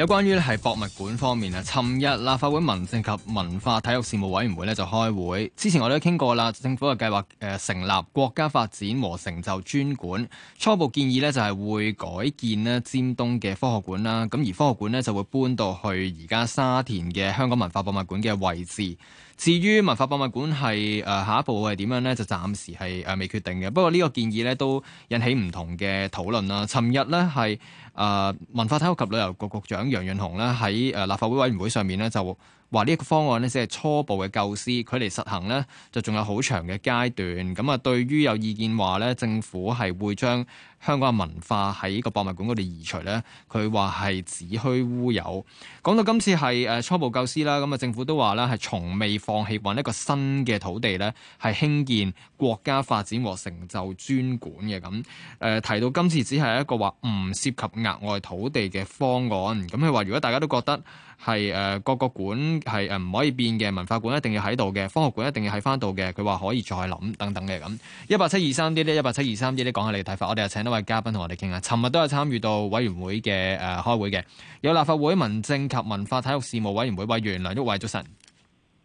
有關於係博物館方面啊，尋日立法會民政及文化體育事務委員會呢就開會，之前我都傾過啦，政府嘅計劃誒成立國家發展和成就專館，初步建議呢就係會改建咧尖東嘅科學館啦，咁而科學館呢就會搬到去而家沙田嘅香港文化博物館嘅位置。至於文化博物館係誒、呃、下一步係點樣呢？就暫時係誒、呃、未決定嘅。不過呢個建議呢都引起唔同嘅討論啦、啊。尋日呢係誒、呃、文化體育及旅遊局局長楊潤雄呢喺誒立法會委員會上面呢就，話呢一個方案呢，只係初步嘅構思，佢離實行呢，就仲有好長嘅階段。咁啊，對於有意見話呢，政府係會將香港嘅文化喺個博物館嗰度移除呢。佢話係子虛烏有。講到今次係誒初步構思啦，咁啊政府都話咧係從未放棄揾一個新嘅土地呢，係興建國家發展和成就專館嘅。咁誒提到今次只係一個話唔涉及額外土地嘅方案。咁佢話如果大家都覺得係誒各個館。係誒唔可以變嘅文化館一定要喺度嘅，科學館一定要喺翻度嘅。佢話可以再諗等等嘅咁。一八七二三啲咧，一八七二三啲咧，講下你嘅睇法。我哋就，請一位嘉賓同我哋傾下。尋日都有參與到委員會嘅誒、呃、開會嘅，有立法會民政及文化體育事務委員會委員,委員梁毓偉早晨。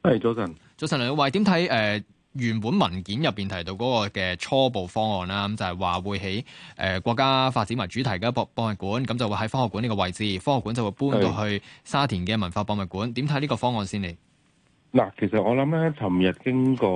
係早晨，早晨梁毓偉點睇誒？原本文件入邊提到嗰個嘅初步方案啦，咁就係、是、話會起誒國家發展為主題嘅一博博物館，咁就會喺科學館呢個位置，科學館就會搬到去沙田嘅文化博物館，點睇呢個方案先嚟嗱？其實我諗咧，尋日經過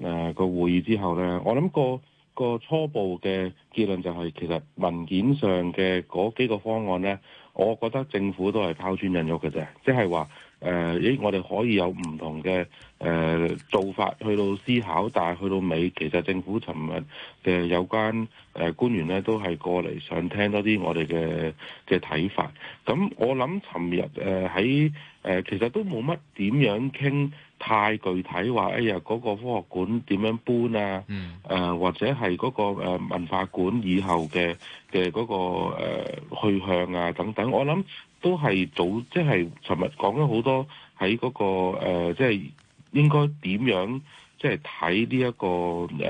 誒個、呃、會議之後咧，我諗、嗰個個初步嘅結論就係、是、其實文件上嘅嗰幾個方案咧。我覺得政府都係拋磚引玉嘅啫，即係話誒，咦、呃，我哋可以有唔同嘅誒、呃、做法去到思考，但係去到尾，其實政府尋日嘅有關誒官員咧，都係過嚟想聽多啲我哋嘅嘅睇法。咁我諗尋日誒喺誒，其實都冇乜點樣傾。太具體話，哎呀，嗰個科學館點樣搬啊？誒，或者係嗰個誒文化館以後嘅嘅嗰個誒去向啊等等，我諗都係早，即係尋日講咗好多喺嗰個誒，即係應該點樣即係睇呢一個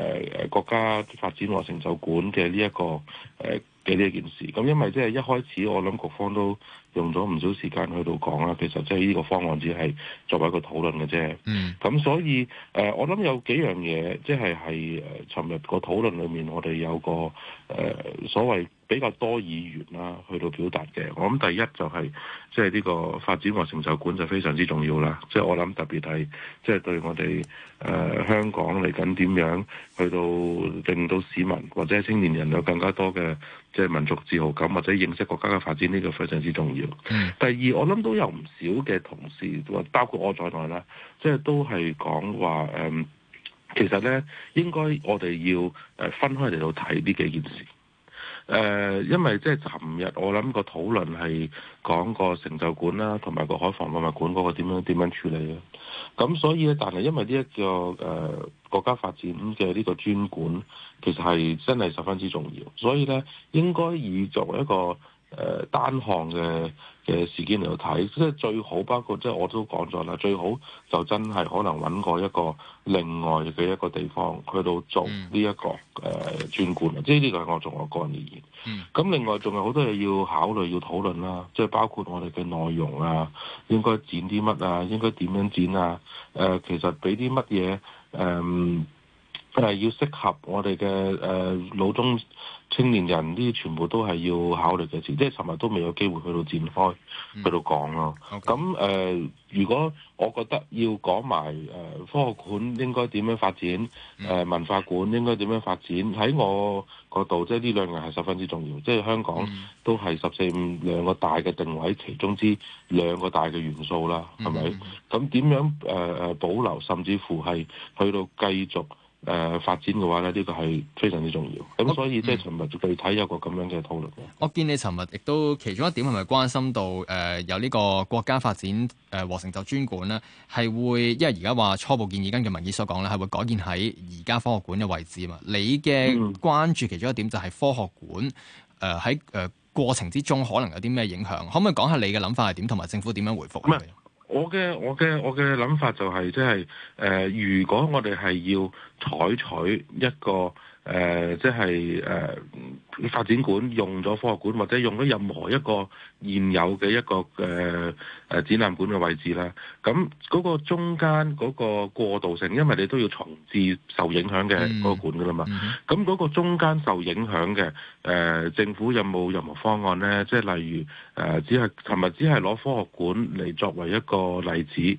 誒國家發展和成就館嘅呢一個誒。嘅呢件事，咁因為即係一開始我諗局方都用咗唔少時間去到講啦，其實即係呢個方案只係作為一個討論嘅啫。咁、嗯、所以誒，我諗有幾樣嘢，即係係誒尋日個討論裏面，我哋有個誒、呃、所謂。比較多議員啦，去到表達嘅。我諗第一就係，即係呢個發展和成就館就非常之重要啦。即係我諗特別係，即係對我哋誒香港嚟緊點樣去到令到市民或者青年人有更加多嘅即係民族自豪感或者認識國家嘅發展呢個非常之重要。第二，我諗都有唔少嘅同事，包括我在內啦，即係都係講話誒，其實咧應該我哋要誒分開嚟到睇呢幾件事。誒、呃，因為即係尋日我諗個討論係講個成就館啦、啊，同埋個海防博物館嗰個點樣點樣處理咯、啊。咁所以咧，但係因為呢、這、一個誒、呃、國家發展嘅呢個專管，其實係真係十分之重要，所以咧應該以作為一個。誒、呃、單項嘅嘅事件嚟到睇，即係最好，包括即係我都講咗啦，最好就真係可能揾過一個另外嘅一個地方去到做呢、這、一個誒、mm. 呃、專館即係呢個係我做我個人意見。咁、mm. 另外仲有好多嘢要考慮要討論啦，即係包括我哋嘅內容啊，應該剪啲乜啊？應該點樣剪啊？誒、呃，其實俾啲乜嘢誒？呃誒、要適合我哋嘅誒老中青年人，呢啲全部都係要考慮嘅事。即係尋日都未有機會去到展開、嗯、去到講咯、啊。咁、okay. 呃、如果我覺得要講埋、呃、科學館應該點樣發展、嗯呃，文化館應該點樣發展，喺我嗰度即係呢兩樣係十分之重要。即係香港都係十四五兩個大嘅定位，其中之兩個大嘅元素啦，係、嗯、咪？咁點、嗯、樣、呃、保留，甚至乎係去到繼續？誒、呃，發展嘅話咧，呢、這個係非常之重要。咁、嗯嗯、所以即係尋日具體有個咁樣嘅討論。我見你尋日亦都其中一點係咪關心到誒、呃，有呢個國家發展誒，獲、呃、成就專館呢？係會因為而家話初步建議根據民意所講咧，係會改建喺而家科學館嘅位置啊嘛。你嘅關注其中一點就係科學館誒，喺、呃、誒、呃、過程之中可能有啲咩影響？可唔可以講下你嘅諗法係點，同埋政府點樣回復？我嘅我嘅我嘅諗法就係，即係誒，如果我哋係要採取一個誒，即係誒，就是呃發展館用咗科學館，或者用咗任何一個現有嘅一個誒、呃呃、展覽館嘅位置啦。咁嗰個中間嗰個過渡性，因為你都要重置受影響嘅嗰個館噶啦嘛。咁、嗯、嗰、嗯、個中間受影響嘅誒、呃，政府有冇任何方案呢？即係例如誒、呃，只係尋日只係攞科學館嚟作為一個例子。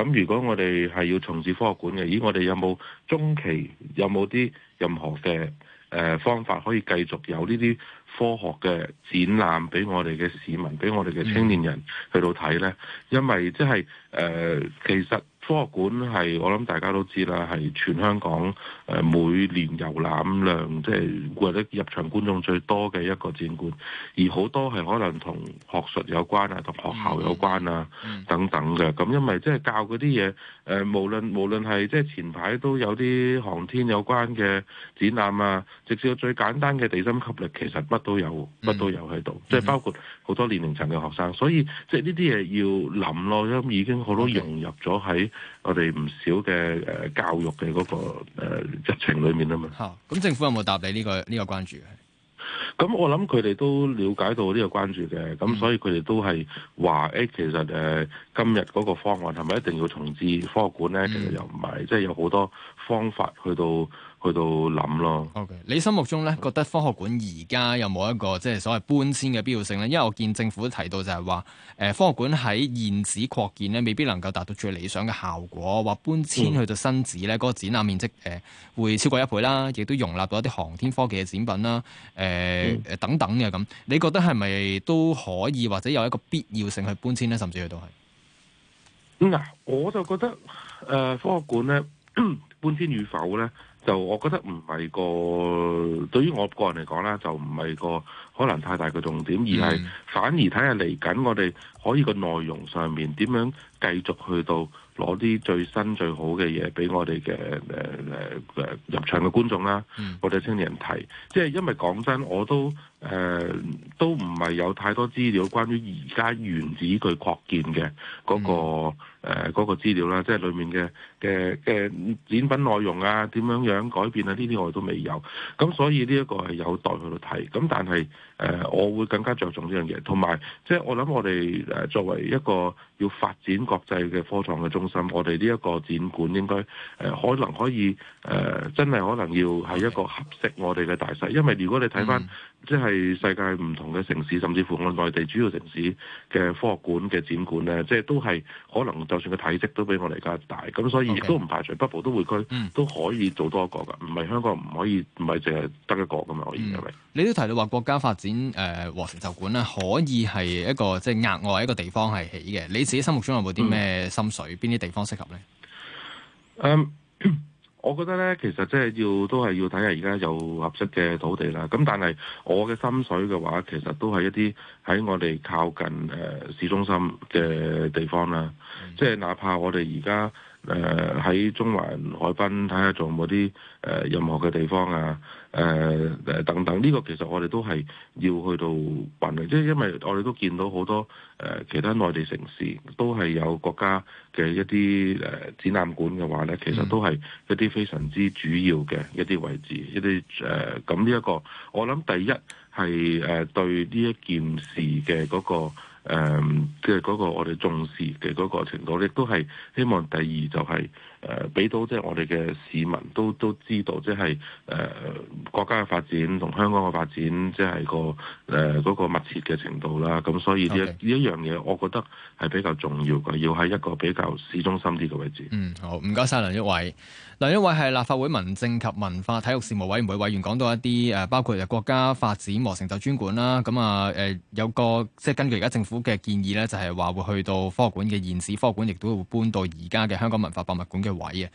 咁如果我哋係要重置科學館嘅，咦，我哋有冇中期有冇啲任何嘅？誒，方法可以繼續有呢啲科學嘅展覽俾我哋嘅市民，俾我哋嘅青年人去到睇呢，因為即係誒其實。科學館係我諗大家都知啦，係全香港每年遊覽量即係或者入場觀眾最多嘅一個展館，而好多係可能同學術有關啊，同學校有關啊、嗯、等等嘅。咁因為即係教嗰啲嘢誒，無論無論係即係前排都有啲航天有關嘅展覽啊，直至到最簡單嘅地心吸力，其實乜都有，乜都有喺度，即、嗯、係包括好多年齡層嘅學生。所以即係呢啲嘢要諗咯，因為已經好多融入咗喺。我哋唔少嘅誒教育嘅嗰個誒日程裏面啊嘛，嚇！咁政府有冇答你呢個呢個關注？咁、嗯、我諗佢哋都了解到呢個關注嘅，咁所以佢哋都係話誒，其實誒今日嗰個方案係咪一定要重置科學館呢？其實又唔係，即係有好多方法去到。去到諗咯。O、okay. K，你心目中咧覺得科學館而家有冇一個即係所謂搬遷嘅必要性咧？因為我見政府都提到就係話，誒、呃，科學館喺現址擴建咧，未必能夠達到最理想嘅效果。話搬遷去到新址咧，嗰、嗯那個展覽面積誒、呃、會超過一倍啦，亦都容納到一啲航天科技嘅展品啦，誒、呃、誒、嗯、等等嘅咁。你覺得係咪都可以或者有一個必要性去搬遷咧？甚至佢都係。嗱，我就覺得誒、呃，科學館咧搬遷與否咧？就我覺得唔係個對於我個人嚟講啦，就唔係個可能太大嘅重點，而係反而睇下嚟緊我哋可以個內容上面點樣繼續去到。攞啲最新最好嘅嘢俾我哋嘅誒誒誒入場嘅觀眾啦，mm. 我哋青年人睇，即係因為講真，我都誒、呃、都唔係有太多資料關於而家原址佢擴建嘅嗰、那個誒嗰、mm. 呃那個資料啦，即係裏面嘅嘅嘅展品內容啊，點樣樣改變啊，呢啲我哋都未有，咁所以呢一個係有待去到睇，咁但係誒、呃、我會更加着重呢樣嘢，同埋即係我諗我哋誒作為一個要發展國際嘅科創嘅中。我哋呢一個展館應該誒、呃、可能可以誒、呃、真係可能要係一個合適我哋嘅大細，因為如果你睇返即係世界唔同嘅城市，甚至乎我內地主要城市嘅科學館嘅展館咧，即係都係可能就算個體積都比我哋加大，咁所以亦都唔排除北部都會區都可以做多一個㗎，唔係香港唔可以，唔係淨係得一個㗎嘛，可以係咪？你都提到話國家發展誒和成就館咧，可以係一個即係額外一個地方係起嘅，你自己心目中有冇啲咩心水邊啲地方適合咧？嗯，我覺得咧，其實即係要都係要睇下而家有合適嘅土地啦。咁但係我嘅心水嘅話，其實都係一啲喺我哋靠近誒市中心嘅地方啦。即係哪怕我哋而家，誒、呃、喺中環海濱睇下仲有冇啲誒任何嘅地方啊，誒誒、呃、等等呢，呢個其實我哋都係要去到揾嘅。即係因為我哋都見到好多誒、呃、其他內地城市都係有國家嘅一啲誒展覽館嘅話咧，其實都係一啲非常之主要嘅一啲位置一啲誒，咁呢一個我諗第一係誒、呃、對呢一件事嘅嗰、那個。誒即係嗰個我哋重視嘅嗰個程度咧，都係希望。第二就係誒俾到即係我哋嘅市民都都知道，即係誒國家嘅發展同香港嘅發展即係、個誒嗰、呃嗰個密切嘅程度啦。咁所以呢呢一樣嘢，okay。我覺得係比較重要嘅，要喺一個比較市中心啲嘅位置。嗯，好，唔該晒梁毓偉。梁毓偉係立法會民政及文化體育事務委員會委員，講到一啲誒包括國家發展和成就專館啦。咁啊誒有個即係、就是、根據而家政府嘅建議咧，就係話會去到科學館嘅現址，科學館亦都會搬到而家嘅香港文化博物館嘅位啊。